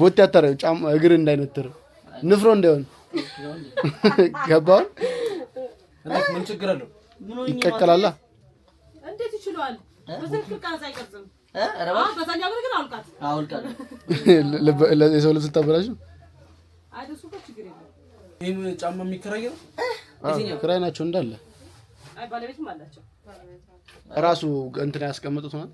ቦቴ አታረግ፣ ጫማ እግር እንዳይነትር ንፍሮ እንዳይሆን ገባውን ምን ችግር አለው? ይቀቀላላ እንዴት ይችላል? የሰው ልብስ ልታበላሽ ነው። ጫማ የሚከራየው ክራይ ናቸው እንዳለ ራሱ እንትን ያስቀምጡት ማለት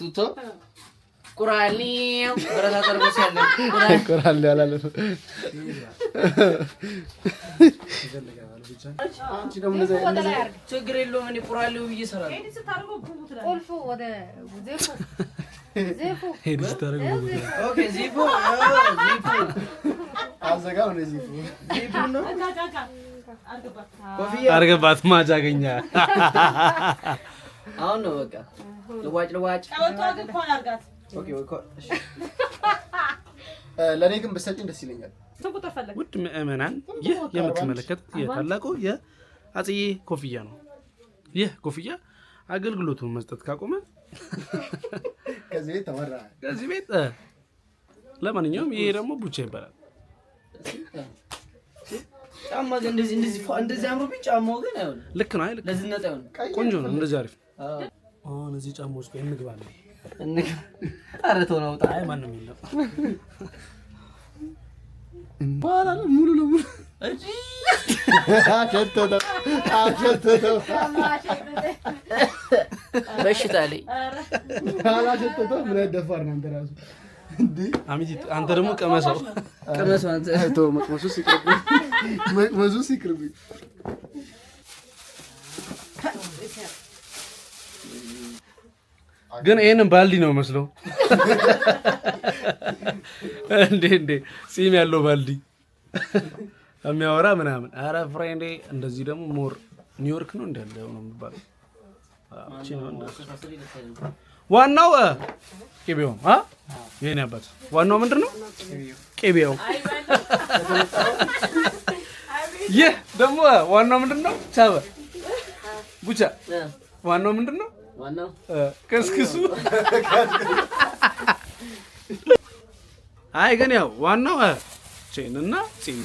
ቱቶ ቁራሌ ችግር የለውም። እኔ ቁራሌው ብዬሽ እሰራለሁ። አርገባት ማጭ አገኛ አሁን ነው በቃ ልዋጭ ልዋጭ። ለእኔ ግን ብትሰጪኝ ደስ ይለኛል። ውድ ምዕመናን፣ ይህ የምትመለከቱት የታላቁ የአፄ ኮፍያ ነው። ይህ ኮፍያ አገልግሎቱን መስጠት ካቆመ ከዚህ ቤት ተወራ። ከዚህ ቤት ለማንኛውም ይሄ ደግሞ ቡቻ ይባላል። ጫማ ግን እንደዚህ እንደዚህ አምሮብኝ ጫማው ግን አይሆንም። ልክ ነው። አይ ልክ አይሆንም። ቆንጆ ነው። እንደዚህ አሪፍ አሁን እዚህ ጫማዎች ጋር እንግባለን። ኧረ ተው ነው። አይ ማንም የለም። በኋላ ሙሉ ለሙሉ በሽታ ላይ አላሸተተው። ምን ደፋር ነው አንተ ራሱ። አንተ ደግሞ ቀመሰው ቀመሰው። አንተ መቅመሱ መቅመሱ ግን ይሄንን ባልዲ ነው መስለው እንዴ! እንዴ! ጺም ያለው ባልዲ የሚያወራ ምናምን አረ ፍሬንዴ እንደዚህ ደግሞ ሞር ኒውዮርክ ነው እንዳለ ነው የሚባለው። ዋናው ቅቤው ይህን ያባት ዋናው ምንድን ነው ቅቤው። ይህ ደግሞ ዋናው ምንድን ነው ቻበ ቡቻ ዋናው ምንድን ነው ከስክሱ። አይ ግን ያው ዋናው ቼን እና ፂም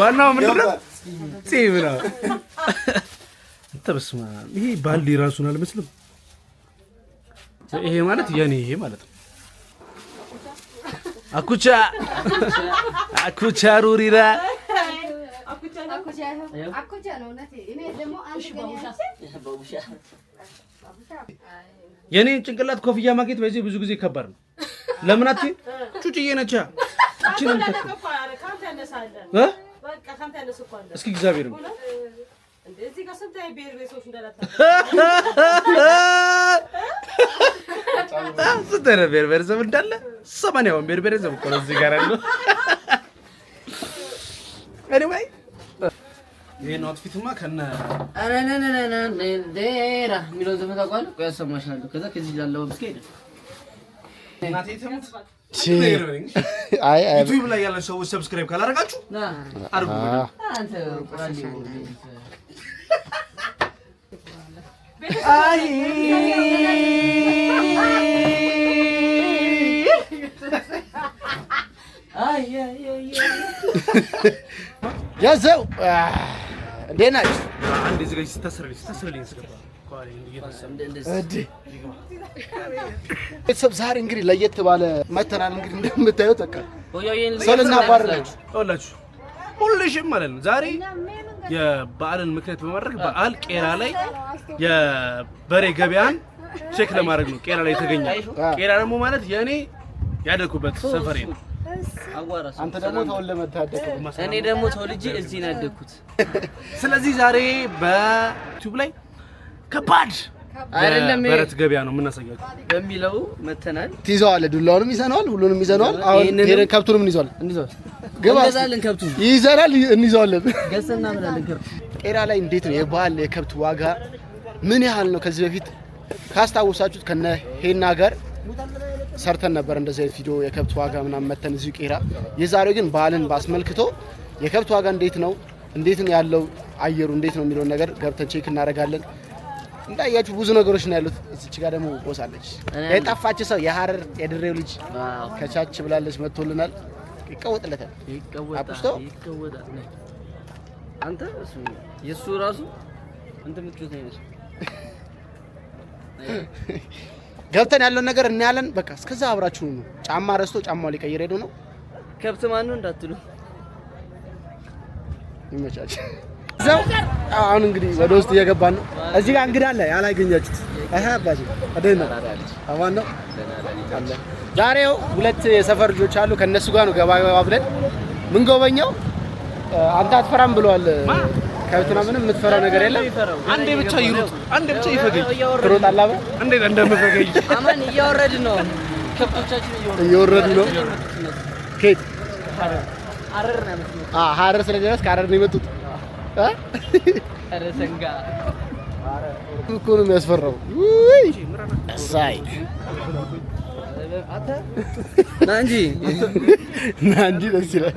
ዋናው ምንድን ነው? ፂም ነው። እንተ በስመ አብ ይሄ ባልዲ ራሱን አልመስልም። ይሄ ማለት የኔ ይሄ ማለት ነው። አኩቻ አኩቻ ሩሪራ የኔን ጭንቅላት ኮፍያ ማግኘት በዚህ ብዙ ጊዜ ከባድ ነው። ለምን አትይም? ጩጭዬ ነቻ እስኪ እግዚአብሔር ስንት ዓይነት ብሔር ብሔረሰብ እንዳለ ሰማንያውን ብሔር ብሔረሰብ እኮ ነው እዚህ ጋር ያለው። ኤኒዌይ ይሄ ነው ፊትማ ከነ የሚለውን ዘፈን ታውቀዋለህ? ቆይ አሰማሻለሁ። ከዛ ከዚህ ላለው እስኪ ሄደ እናቴ ትሙት ዩቲዩብ ላይ ያለን ሰዎች ሰብስክራይብ ካላደረጋችሁ አድርጉ። ያዘው እንዴት ናችሁ? ቤተሰብ ዛሬ እንግዲህ ለየት ባለ መተናል። እንግዲህ እንደምታየው ጠቃ ሰልና ልናባርላችሁ ሁልሽም ማለት ነው። ዛሬ የበዓልን ምክንያት በማድረግ በዓል ቄራ ላይ የበሬ ገበያን ቼክ ለማድረግ ነው ቄራ ላይ የተገኘ። ቄራ ደግሞ ማለት የእኔ ያደኩበት ሰፈሬ ነው። አንተ ደግሞ ተወልደህ መታደቅ፣ እኔ ደግሞ ተወልጄ እዚህ ነው ያደኩት። ስለዚህ ዛሬ በዩቲዩብ ላይ ከባድ አይደለም። በረት ገበያ ነው የምናሳያቸው በሚለው መተናል። ትይዘዋለህ፣ ዱላውንም ይዘነዋል፣ ሁሉንም ይዘነዋል። አሁን ከብቱንም እንይዘዋለን፣ እንገዛለን። ከብቱን ይዘናል፣ እንይዘዋለን። ገሰና ምናለን። ቄራ ላይ እንዴት ነው የባል የከብት ዋጋ ምን ያህል ነው? ከዚህ በፊት ካስታወሳችሁት ከነ ሄና ጋር ሰርተን ነበር እንደዚህ አይነት ቪዲዮ የከብት ዋጋ ምናምን መተን እዚሁ ቄራ። የዛሬው ግን ባህልን ባስመልክቶ የከብት ዋጋ እንዴት ነው እንዴት ነው ያለው አየሩ እንዴት ነው የሚለውን ነገር ገብተን ቼክ እናደርጋለን። እንዳያችሁ ብዙ ነገሮች ነው ያሉት። እዚች ጋር ደግሞ ቆሳለች የጠፋች ሰው የሀረር የድሬው ልጅ ከቻች ብላለች መጥቶልናል። ይቀወጥለታል አቁስቶ አንተ እሱ የሱ ራሱ አንተ ምትሉት አይነሽ ገብተን ያለውን ነገር እናያለን። በቃ እስከዛ አብራችሁ ነው። ጫማ ረስቶ ጫማው ሊቀይር ሄዶ ነው። ከብት ማን ነው እንዳትሉ ይመቻች። እዛው አሁን እንግዲህ ወደ ውስጥ እየገባን ነው። እዚህ ጋር እንግዳ አለ ያላገኛችሁት። አሃ አባጂ አደህ ነው አማን ነው አለ። ዛሬው ሁለት የሰፈር ልጆች አሉ። ከነሱ ጋር ነው ገባ ገባ ብለን ምን ጎበኘው። አንተ አትፈራም ብለዋል። ከብትና ምንም የምትፈራው ነገር የለም። አንዴ ብቻ ይሩጥ፣ አንዴ ብቻ ይፈገኝ። ትሮጣለህ አብረን እንዴ እንደምፈገኝ። አማን እያወረድ ነው፣ ከብቶቻችን እያወረድ ነው። ኬት ሀረር ነው። አዎ ሀረር ስለደረስክ ሀረር ነው የመጡት እኮ ነው የሚያስፈራው። ሳይ ና እንጂ ና እንጂ ደስ ይላል።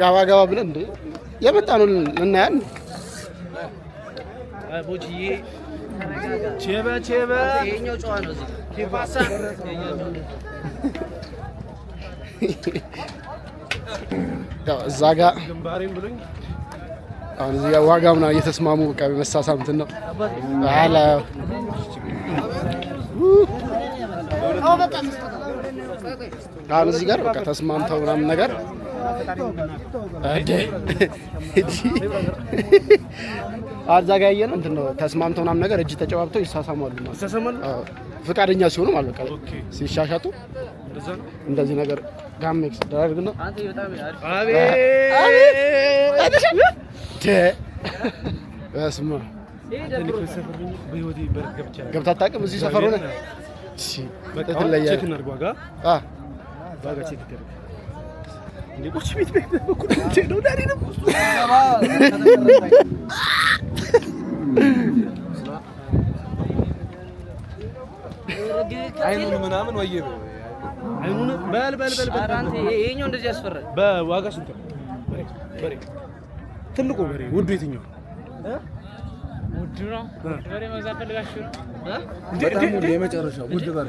ጋባ ጋባ ብለን እንዴ የመጣ ነው እናያን እዛ ጋ አሁን እዚህ ጋር ዋጋ ምናምን እየተስማሙ በቃ መሳሳም እንትን ነው አሁን እዚህ ጋር በቃ ተስማምተው ምናምን ነገር አዛ ጋ ያየነው እንትን ነው። ተስማምተው ምናምን ነገር እጅ ተጨባብተው ይሳሳማሉ ፍቃደኛ ሲሆኑ ማለት ነው። ሲሻሻጡ እንደዚህ ነገር ጋሜክስ ደራርግና በስመ ገብታ አታውቅም እዚህ ሰፈር ሆነ ሌሎች ቤት በኩል ነው ዳሪ ነው አይኑን ምናምን ወይ አይኑን በል በል በል በል አንተ ይሄኛው እንደዚህ ያስፈራል። በዋጋ ስንት ነው በሬ? ትልቁ በሬ ውዱ የትኛው ውዱ ነው? በሬ መግዛት ፈልጋችሁ ነው? የመጨረሻው ውድ በሬ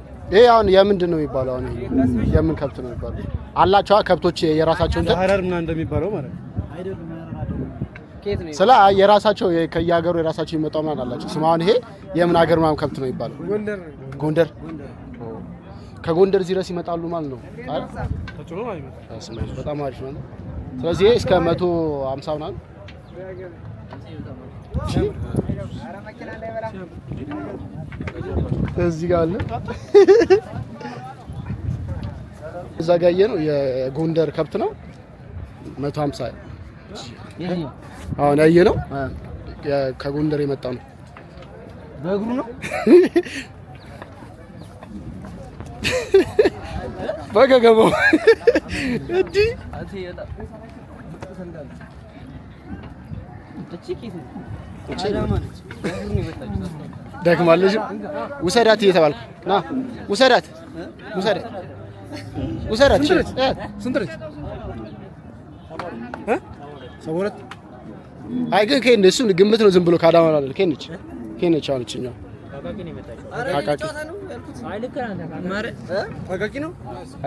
ይሄ አሁን የምንድን ነው የሚባለው? አሁን የምን ከብት ነው የሚባለው? አላቸዋ ከብቶች የራሳቸው ሀረር ምናምን እንደሚባለው ማለት ነው። ስለ የራሳቸው ከየሀገሩ የራሳቸው የሚመጣው ምናምን አላቸው ስም። አሁን ይሄ የምን ሀገር ምናምን ከብት ነው የሚባለው? ጎንደር። ከጎንደር እዚህ ድረስ ይመጣሉ ማለት ነው። በጣም አሪፍ ነው። ስለዚህ ይሄ እስከ መቶ ሀምሳ ምናምን እዚህ ጋር አለ። እዛ ጋር ያየ የጎንደር ከብት ነው። 150 አሁን ያየ ነው ከጎንደር የመጣ ነው። በእግሩ ነው በገገባው እንዲህ እቺ ኪት ደክማለሽ። ውሰዳት እየተባልኩ ና ውሰዳት፣ ውሰዳት፣ ውሰዳት። ስንት ነች? አይ ግን ከየት ነች? እሱን ግምት ነው ዝም ብሎ ካዳማ አይደል? ከየት ነች? ከየት ነች? አሁን እችኛው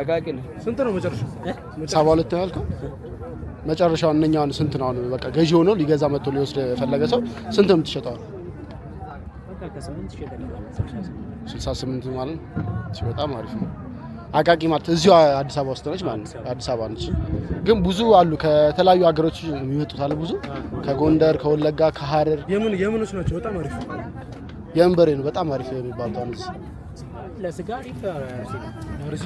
አቃቂ ነው። ስንት ነው መጨረሻው? ሰባ ሁለት ነው ያልከው መጨረሻው። እነኛውን ስንት ነው አሁን? በቃ ገዢ ሆኖ ሊገዛ መጥቶ ሊወስድ የፈለገ ሰው ስንት ነው የምትሸጠዋል? ከስምንት ስልሳ ስምንት ማለት በጣም አሪፍ ነው። አቃቂ ማለት እዚሁ አዲስ አበባ ውስጥ ነች ማለት ነው። አዲስ አበባ ነች፣ ግን ብዙ አሉ ከተለያዩ ሀገሮች የሚመጡት አሉ። ብዙ ከጎንደር፣ ከወለጋ፣ ከሀረር የምኖች ናቸው። በጣም አሪፍ የእንበሬ ነው። በጣም አሪፍ የሚባሉት አሉ። ለስጋ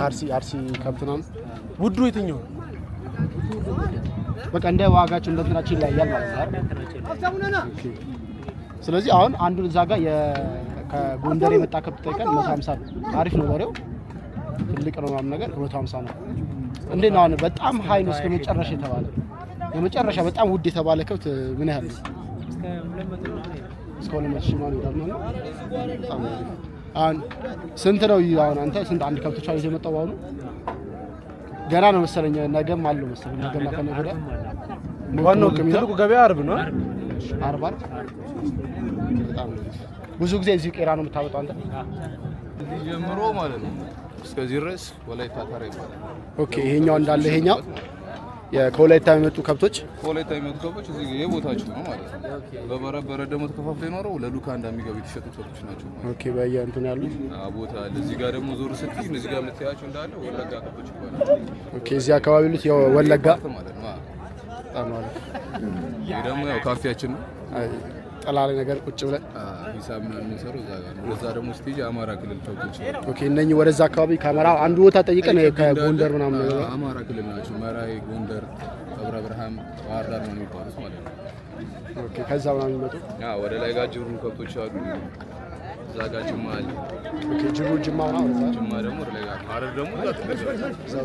አርሲ አርሲ ከብት ምናምን ውዱ የትኛው በቃ እንደ ዋጋቸው እንደ እንትናቸው ይለያያል ማለት ነው። ስለዚህ አሁን አንዱን እዛ ጋር ከጎንደር የመጣ ከብት ጠይቀን መቶ ሀምሳ አሪፍ ነው በሬው ትልቅ ነው ምናምን ነገር መቶ ሀምሳ ነው። እንዴ ነው አሁን በጣም ሀይ ነው እስከ መጨረሻ የተባለ የመጨረሻ በጣም ውድ የተባለ ከብት ምን ያህል ነው? እስከ ሁለት መቶ ሺህ ምናምን ይላል ነው። አሁን ስንት ነው አሁን አንተ ስንት አንድ ከብቶች ይዞ የመጣው በአሁኑ ገና ነው መሰለኝ ነገም አለው መሰለኝ ነገም ከነገ ወዲያ ዋናው ትልቁ ገበያ አርብ ነው አርባ ብዙ ጊዜ እዚህ ቄራ ነው የምታመጣው አንተ? ጀምሮ ማለት ነው እስከዚህ ድረስ ወላይታ ታሪ ይባላል። ኦኬ ይሄኛው እንዳለ ይሄኛው ከወላይታ የሚመጡ ከብቶች ከወላይታ የሚመጡ ከብቶች እዚህ የቦታቸው ነው ማለት ነው። በበረበረ ደግሞ ተከፋፍሎ የኖረው ለሉካ የሚገቡ የተሸጡ ከብቶች ናቸው። ኦኬ እንትን ያሉ ቦታ አለ። እዚህ ጋር ደግሞ ዞር ስትይ እዚህ ጋር የምትያቸው እንዳለ ወለጋ ከብቶች ይባላል። ኦኬ እዚህ አካባቢ ሉት ወለጋ ማለት ነው። ይህ ደግሞ ያው ካፌያችን ነው። ጠላ ነገር ቁጭ ብለን ሂሳብ ምናምን የሚሰሩ እዛ ጋር ነው። ወደዛ ደግሞ ስቴጅ አማራ ክልል ቶክች ኦኬ። እነኚህ ወደዛ አካባቢ ካመራ አንዱ ቦታ ጠይቀን ከጎንደር ምናምን አማራ ክልል ናቸው። መራዊ፣ ጎንደር፣ ደብረ ብርሃን፣ ባህር ዳር ነው የሚባሉት ማለት ነው። ኦኬ። ከዛ ምናምን የሚመጡ ወደ ላይ ጋር ጅሩ ከብቶች አሉ። እዛ ጋር ጅማ አለ። ኦኬ። ጅሩ ጅማ ነው። ጅማ ደግሞ ወደ ላይ ጋር አረር ደግሞ እዛ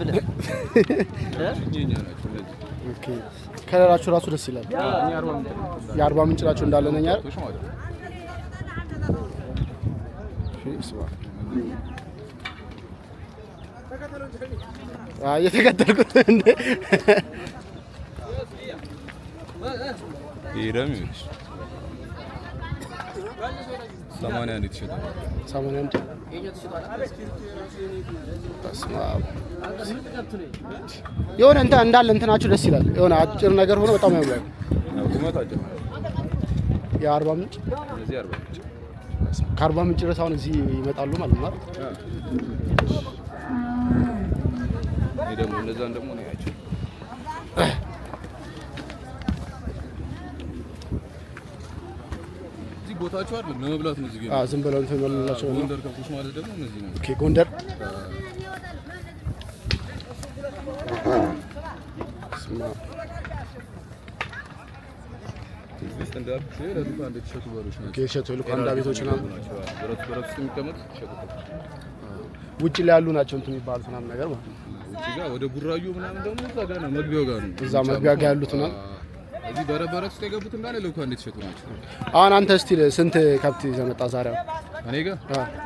ትልቅ ከለላችሁ እራሱ ደስ ይላል። የአርባ ምንጭ ናቸው እንዳለነኛ የተከተልኩት እንደ ይሄዳል ሰማንያ አንድ የተሸጠ ሰማንያ አንድ የሆነ እንትን እንዳለ እንትናችሁ ደስ ይላል። የሆነ አጭር ነገር ሆኖ በጣም ያምራል። የአርባ ምንጭ ከአርባ ምንጭ ድረስ አሁን እዚህ ይመጣሉ ማለት ነው። ደግሞ እነዛን ደግሞ ነው ያቸው ቦታቸው አይደለም ለመብላት ነው። እዚህ ገና ዝም ብለው እንትን በሉላቸው። ጎንደር ከብቶች ማለት ደግሞ እነዚህ ነው። ኦኬ ጎንደር ውጭ ላይ ያሉ ናቸው እንትን የሚባሉት ምናምን ነገር ማለት ነው። ውጭ ጋር ወደ ቡራዩ ምናምን ደግሞ እዛ ጋር ነው መግቢያው ጋር ነው። እዛ መግቢያ ጋር ያሉት ምናምን እዚህ በረበረት ውስጥ የገቡት እንዳለ ልኳ እንዴት ሸጡ ናቸው። አሁን አንተ እስቲ ስንት ከብት ይዘህ መጣ ዛሬ? እኔ ጋር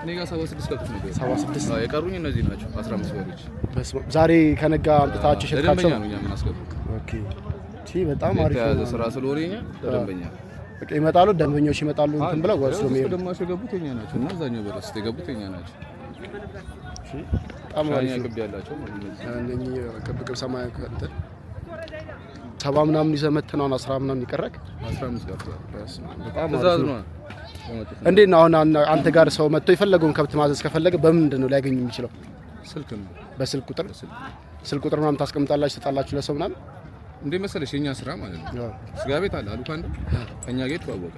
እኔ ጋር ከብት ነው። የቀሩኝ እነዚህ ናቸው። ዛሬ ከነጋ አምጥታችሁ ደንበኛ ነው የምናስገባው። ኦኬ በጣም አሪፍ ስራ ስለሆነ ደንበኛ በቃ ይመጣሉ፣ ደንበኞች ይመጣሉ። እንትን ብለው ነው የገቡት ናቸው እና አብዛኛው በረስ የገቡት ናቸው። በጣም አሪፍ ግብ ያላቸው ነው። እነኚህ ሰማያዊ እንትን ሰባ ምናምን ይዘህ መተህ ነው አስራ ምናምን ይቀረክ። እንዴት ነው አሁን አንተ ጋር ሰው መጥቶ የፈለገውን ከብት ማዘዝ ከፈለገ በምንድን ነው ሊያገኝ የሚችለው? ስልክ ነው። በስልክ ቁጥር ስልክ ቁጥር ምናምን ታስቀምጣላችሁ ትሰጣላችሁ ለሰው ምናምን እንዴ መሰለሽ የኛ ስራ ማለት ነው። ስጋ ቤት አለ አሉካ ካንዱ ከኛ ጋር ተዋወቀ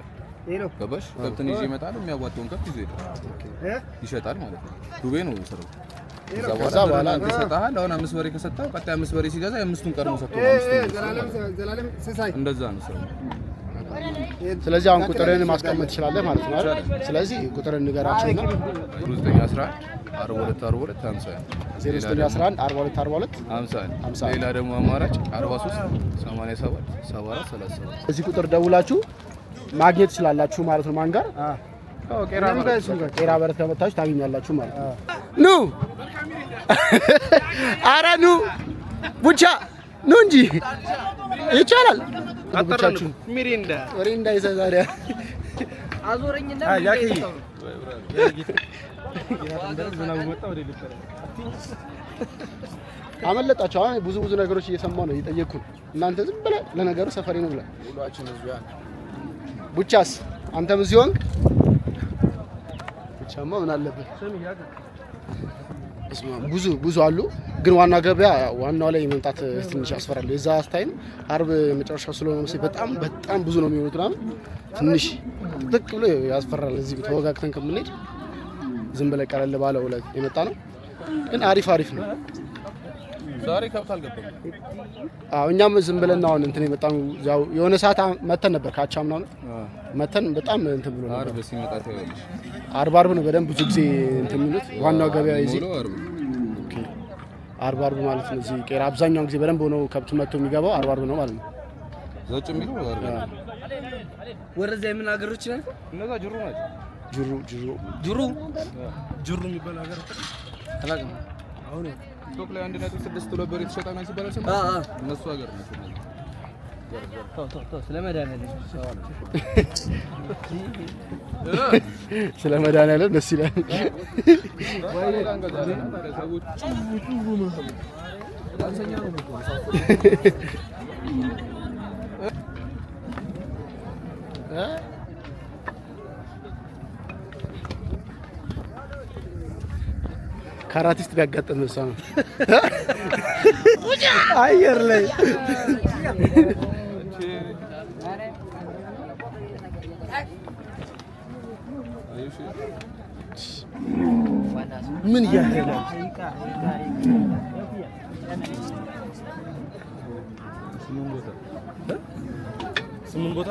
ገባሽ። ከብትን ይዤ ይመጣል የሚያዋጣውን ከብት ይዞ ይሸጣል ማለት ነው። ዱቤ ነው የሚሰራው ከዛ በኋላ ሰጠሃል። አሁን አምስት በሬ ከሰጠው ቀጣይ አምስት በሬ ሲገዛ የአምስቱን ቀድሞ ሰጥቶ እንደዛ ነው። ስለዚህ አሁን ቁጥርን ማስቀመጥ ትችላለህ ማለት ነው። ስለዚህ ቁጥርን ንገራቸው እና ሌላ ደግሞ አማራጭ 37 እዚህ ቁጥር ደውላችሁ ማግኘት ትችላላችሁ ማለት ነው። ማን ጋር ቄራ በረት ከመታችሁ ታገኛላችሁ ማለት ነው። ኧረ ኑ ቡቻ ኑ እንጂ ይቻላል። ሚሪንዳ ይዘዛሪ አዞረኝና አሁን ብዙ ብዙ ነገሮች እየሰማ ነው እየጠየቅኩ እናንተ ዝም ብለህ ለነገሩ ሰፈሬ ነው ብለህ ቡቻስ አንተም እዚህ ሆንክ ብቻማ ምን አለብህ? ብዙ ብዙ አሉ፣ ግን ዋና ገበያ ዋናው ላይ መምጣት ትንሽ ያስፈራል። የዛ አስታይም አርብ መጨረሻ ስለሆነ መሰለኝ በጣም በጣም ብዙ ነው የሚሆኑት ምናምን ትንሽ ጥቅጥቅ ብሎ ያስፈራል። እዚህ ተወጋግተን ከምንሄድ ዝም ብለህ ቀለል ባለው የመጣ ነው፣ ግን አሪፍ አሪፍ ነው። ዛሬ ከብት አልገባም። አዎ እኛም ዝም ብለን አሁን እንትን የመጣን ያው የሆነ ሰዓት መተን ነበር ካቻም ነው መተን በጣም እንትን ብሎ ነበር። አርብ አርብ ነው በደንብ ብዙ ጊዜ እንትን የሚሉት ዋናው ገበያ እዚህ አርብ አርብ ማለት ነው። እዚህ ቄራ አብዛኛውን ጊዜ በደንብ ሆኖ ከብት መጥቶ የሚገባው አርብ አርብ ነው ማለት ነው። ዘጭ የሚሉ ወረዛ የምን ሀገሮች ነን? እነዛ ጅሩ ናቸው። ጅሩ ጅሩ ጅሩ ጅሩ የሚባል አገር አላውቅም አሁን ቲክቶክ ላይ አንድ ነጥብ ስድስት ብሎ ብር የተሸጠ ነው ሲባል እነሱ ሀገር ነው ስለ መድኃኒዓለም ደስ ይላል። ካራቲስት ቢያጋጥም እሷ ነው አየር ላይ ምን ያደለ ስምንት ቦታ ስምንት ቦታ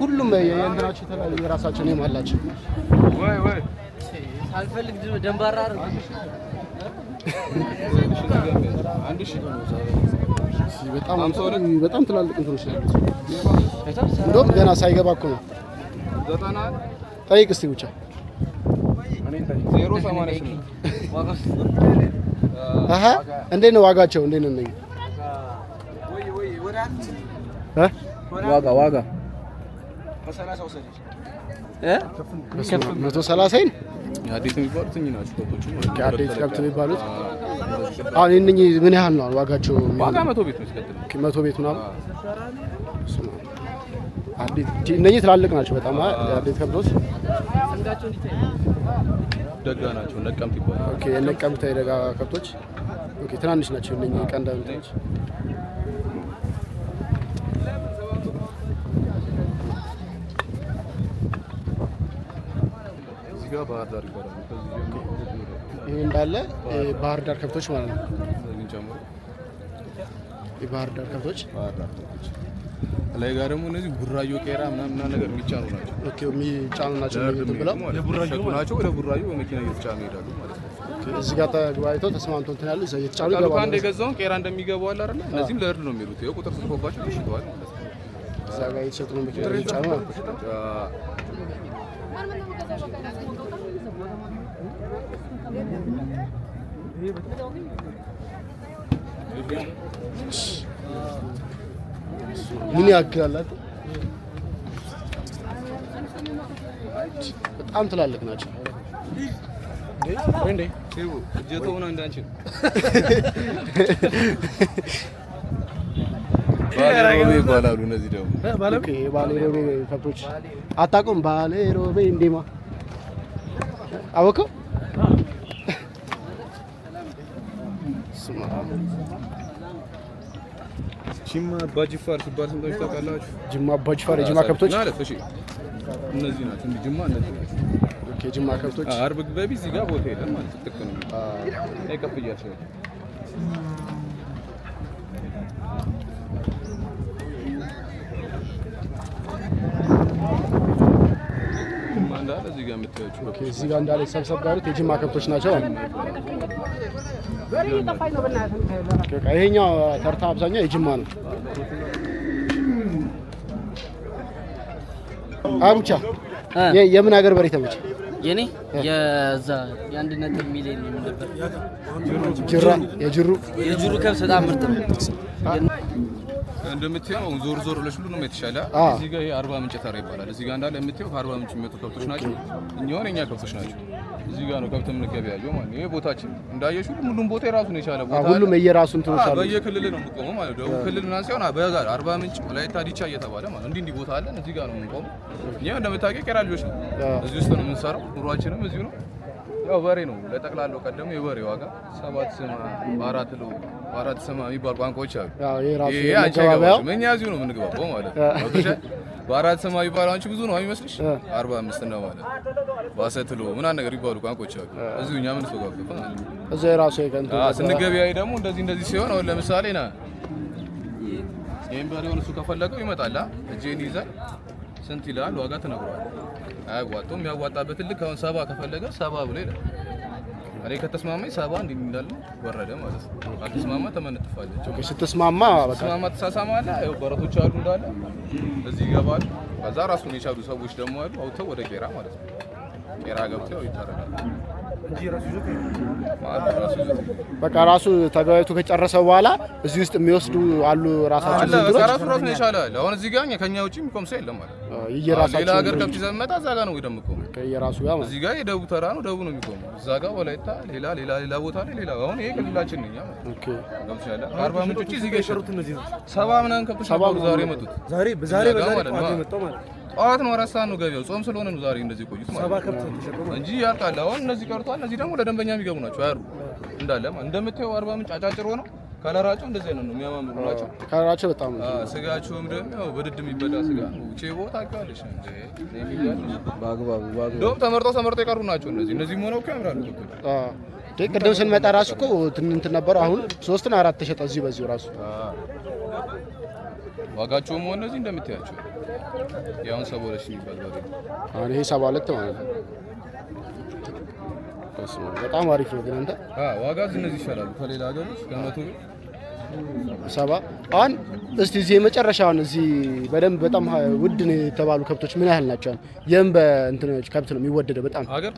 ሁሉም የእንትናቸው የተለያዩ የራሳቸው ወይ አላቸው። ሳልፈልግ ደንባራ በጣም ትላልቅ እንትኖች ናቸው። እንደውም ገና ሳይገባ እኮ ነው። ጠይቅ እስኪ ብቻ እንዴት ነው ዋጋቸው? እንዴት ነው ዋጋ ዋጋ መቶ ሰላሳይን አዴት የሚባሉት እኚህ ናቸው። አዴት ከብት የሚባሉት አሁን እነኚህ ምን ያህል ነው ዋጋቸው? መቶ ቤት ምናምን እነኚህ ትላልቅ ናቸው በጣም አዴት ከብቶች ደጋ ናቸው። ነቀምት ይባላል። የነቀምት ደጋ ከብቶች ትናንሽ ናቸው እነኚህ ቀንዳ ጋር ባህር ዳር ይባላል። ይህ እንዳለ ባህር ዳር ከብቶች ማለት ነው። የባህር ዳር ከብቶች ላይ ጋር ደግሞ እነዚህ ቡራዮ ቄራ ምናምን ነገር የሚጫኑ ናቸው። ኦኬ የሚጫኑ ናቸው ናቸው። ወደ ቡራዮ በመኪና እየተጫኑ ይሄዳሉ ማለት ነው። እዚህ ጋር ተግባይተው ተስማምቶ እንትን ያሉ እዛ እየተጫኑ ይገባሉ። አንድ የገዛውን ቄራ እንደሚገባው አለ አይደል? እነዚህም ለእርድ ነው የሚሉት። ይኸው ቁጥር ተጽፎባቸው ተሽጠዋል እዛ ጋር እየተሸጡ ነው መኪና እየተጫኑ ነው ምን ያክላላት? በጣም ትላልቅ ናቸው። ይባላሉ። እነዚህ ደግሞ ባሌሮቤ ከብቶች አታውቅም? ባሌሮቤ እንዴማ አወቀው በስመ አብ ጂማ አባጅፋር ሲባል ስንቶች ታውቃላችሁ? ጅማ አባጅፋር የጂማ ከብቶች እሺ፣ እነዚህ ናቸው። እንደ ጂማ እነዚህ ናቸው። ኦኬ፣ ጂማ ከብቶች አርብ ግበቢ። እዚህ ጋር ቦታ የለም ማለት ጥቅ ነው። አይ ከፍ እያልሽ እዚህ ጋር የምታዩት እዚህ ጋር እንዳለ ሰብሰብ ያሉት የጂማ ከብቶች ናቸው። ይሄኛው ተርታ አብዛኛው የጅማ ነው። የምን ሀገር በሬ ተመቸ? የኔ የዛ የአንድ ነጥብ ሚሊዮን ጅራ የጅሩ የጅሩ በጣም ምርጥ ነው። ዞር ዞር ሁሉ ነው የተሻለ። እዚህ ጋር አርባ ምንጭ ተራ ይባላል። እዚህ ጋር እንዳለ የምትየው ከአርባ ምንጭ የሚመጡ ከብቶች ናቸው። ከብቶች ናቸው እዚህ ጋር ነው ከብት ያየው ማለት ነው። ይሄ ቦታችን እንዳየሽ ሁሉም ቦታ የራሱን የቻለ ቦታ አለ። ሁሉም የየራሱ እንትን አለ። በየክልል ነው የምንቆመው ማለት ነው። ደቡብ ክልል ምናምን ሳይሆን በዛ አርባ ምንጭ፣ ወላይታ ዲቻ እየተባለ ማለት እንዲህ እንዲህ ቦታ አለን። እዚህ ጋር ነው የምንቆመው። እኛ እንደምታውቂው ቄራ ልጆች ነው። እዚህ ውስጥ ነው የምንሰራው። ኑሯችንም እዚሁ ነው። ያው በሬ ነው ለጠቅላላው ቀደሙ የበሬ ዋጋ ሰባት ስማ በአራት ሎ በአራት ስማ የሚባሉ ቋንቋዎች አሉ። ይሄ አንቺ ገባሽ እኛ እዚሁ ነው የምንገባው ማለት ነው። በአራት ሰማ ይባል አንቺ ብዙ ነው አይመስልሽ? አርባ አምስት ነው ማለት ባሰትሎ ምናምን ነገር ይባሉ ቋንቋዎች አሉ። እዚሁ እኛ ምን ተጋብቶ እዛ የራሱ የቀንቱ ስንገበያይ ደግሞ እንደዚህ እንደዚህ ሲሆን አሁን ለምሳሌ ና ይሄን በሬውን እሱ ከፈለገው ይመጣል፣ እጄን ይዛል ስንት ይላል ዋጋ ትነግሯል። አያዋጣውም። ያዋጣበትን ልክ አሁን ሰባ ከፈለገ ሰባ ብሎ ይላል እኔ ከተስማማኝ ሰባ እንዲህ እንዳለ ወረደ ማለት ነው። ካልተስማማ ተመነጥፋለች። ኦኬ ስትስማማ በቃ ተስማማ ተሳሳማለ። ያው በረቶች አሉ እንዳለ እዚህ ይገባል። ከዛ ራሱን የቻሉ ሰዎች ደግሞ አሉ አውጥተው ወደ ቄራ ማለት ነው። ቄራ ገብተው ይታረዳሉ። በቃ ራሱ ተገባይቶ ከጨረሰ በኋላ እዚህ ውስጥ የሚወስዱ አሉ። ራሳቸው ዝንጀሮች ራሱ ራሱ ነው አለ። አሁን እዚህ ጋር ከኛ ውጪ የሚቆም ሰው የለም ማለት ሌላ ሀገር ከብት ይዘህ መጣ እዛ ጋር ነው ደግሞ የሚቆመው ከየራሱ ጋር እዚህ ጋር የደቡብ ተራ ነው ደቡብ ነው የሚቆመው። እዛ ጋር ወላይታ ሌላ ሌላ ሌላ ቦታ ላይ ሌላ አሁን ይሄ ክልላችን ነው። ኦኬ ገብቶ ያለ አርባ ምንጮች እዚህ ጋር የሸሩት እነዚህ ነው ሰባ ምናምን ከብት ዛሬ መጡት ዛሬ በዛሬ በዛሬ ማለት ነው ጠዋት ነው አራት ሰዓት ነው ገበያው። ጾም ስለሆነ ነው ዛሬ እንደዚህ ቆዩት ማለት ነው እንጂ ያልቃል። አሁን እነዚህ ቀርቷል። እነዚህ ደግሞ ለደንበኛ የሚገቡ ናቸው። አያሩ እንዳለ እንደምታየው አርባ ምንጭ አጫጭሮ ነው። ከለራቸው እንደዚህ ነው የሚያማምሩ ናቸው። ከለራቸው በጣም ነው። ስጋቸውም ደግሞ ያው በድድ የሚበላ ስጋ ነው። ቼቦ ታውቂዋለሽ እንዴ? በአግባቡ ደም ተመርጦ ተመርጦ የቀሩ ናቸው እነዚህ። እነዚህም ሆነው እኮ ያምራሉ እኮ አዎ። ቅድም ስንመጣ ራሱ እኮ ትንንት ነበረው። አሁን ሶስትና አራት ተሸጠ እዚህ በዚሁ ራሱ ዋጋቸው ሆነ እዚህ እንደምታያቸው ያሁን ሰባ ሁለት የሚባል በሬ አሁን ይሄ ሰባ ሁለት ማለት ነው። በጣም አሪፍ ነው። ግን አንተ ዋጋ እነዚህ ይሻላሉ ከሌላ ሀገር ውስጥ ከመቶ ሰባ አሁን እስቲ እዚህ የመጨረሻ አሁን እዚህ በደንብ በጣም ውድ ነው የተባሉ ከብቶች ምን ያህል ናቸው? የም በእንትኖች ከብት ነው የሚወደደው በጣም ሀገር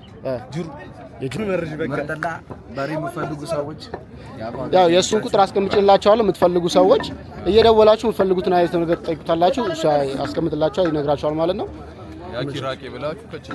ጅሩ ያው የእሱን ቁጥር አስቀምጭላችኋለሁ። የምትፈልጉ ሰዎች እየደወላችሁ የምትፈልጉትን አይነት ነገር ትጠይቁታላችሁ። እሱ አስቀምጥላችኋል፣ ይነግራችኋል ማለት ነው። ያከ ራቄ ብላችሁ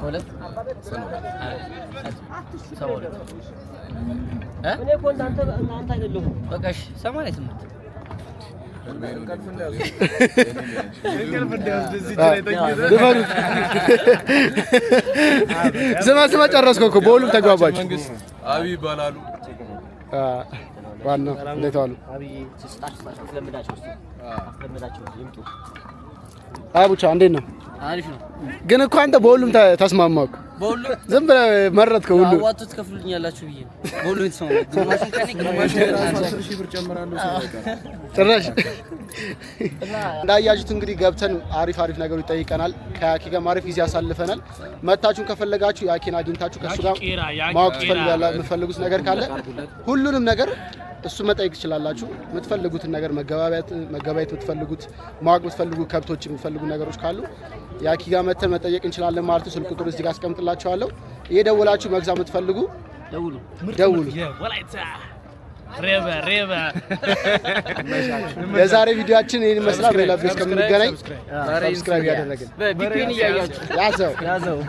ከሁለት ሰባ ሁለት በቃ እሺ፣ ሰማንያ ስምንት ስማ ስማ፣ ጨረስኩ እኮ በሁሉም ተግባባችሁ። አብይ ይባላሉ። ዋናው እንዴት ዋሉ? አቡቻ እንዴት ነው? አሪፍ ነው ግን እኮ አንተ በሁሉም ተስማማኩ። በሁሉም ዝም ብለህ መረጥከው። ሁሉም አዋጡ ትከፍሉኛላችሁ ብዬ ነው። በሁሉም ተስማማኩ። ጭራሽ እንዳያችሁት እንግዲህ ገብተን አሪፍ አሪፍ ነገሮች ይጠይቀናል። ከያኪ ጋር አሪፍ ጊዜ ያሳልፈናል። መታችሁን ከፈለጋችሁ ያኪን አግኝታችሁ ከእሱ ጋር ማወቅ የምትፈልጉት ነገር ካለ ሁሉንም ነገር እሱ መጠየቅ ትችላላችሁ። የምትፈልጉትን ነገር መገባየት የምትፈልጉት ማወቅ የምትፈልጉ ከብቶች የምትፈልጉ ነገሮች ካሉ የአኪ ጋር መተን መጠየቅ እንችላለን ማለት ነው። ስልክ ቁጥር እዚህ ጋር አስቀምጥላችኋለሁ። ደውላችሁ መግዛት የምትፈልጉ ደውሉ ደውሉ። የዛሬ ቪዲዮችን ይህን ይመስላል። በሌላ ቪዲዮ እስከምንገናኝ ሰብስክራይብ ያደረግን ያዘው ያዘው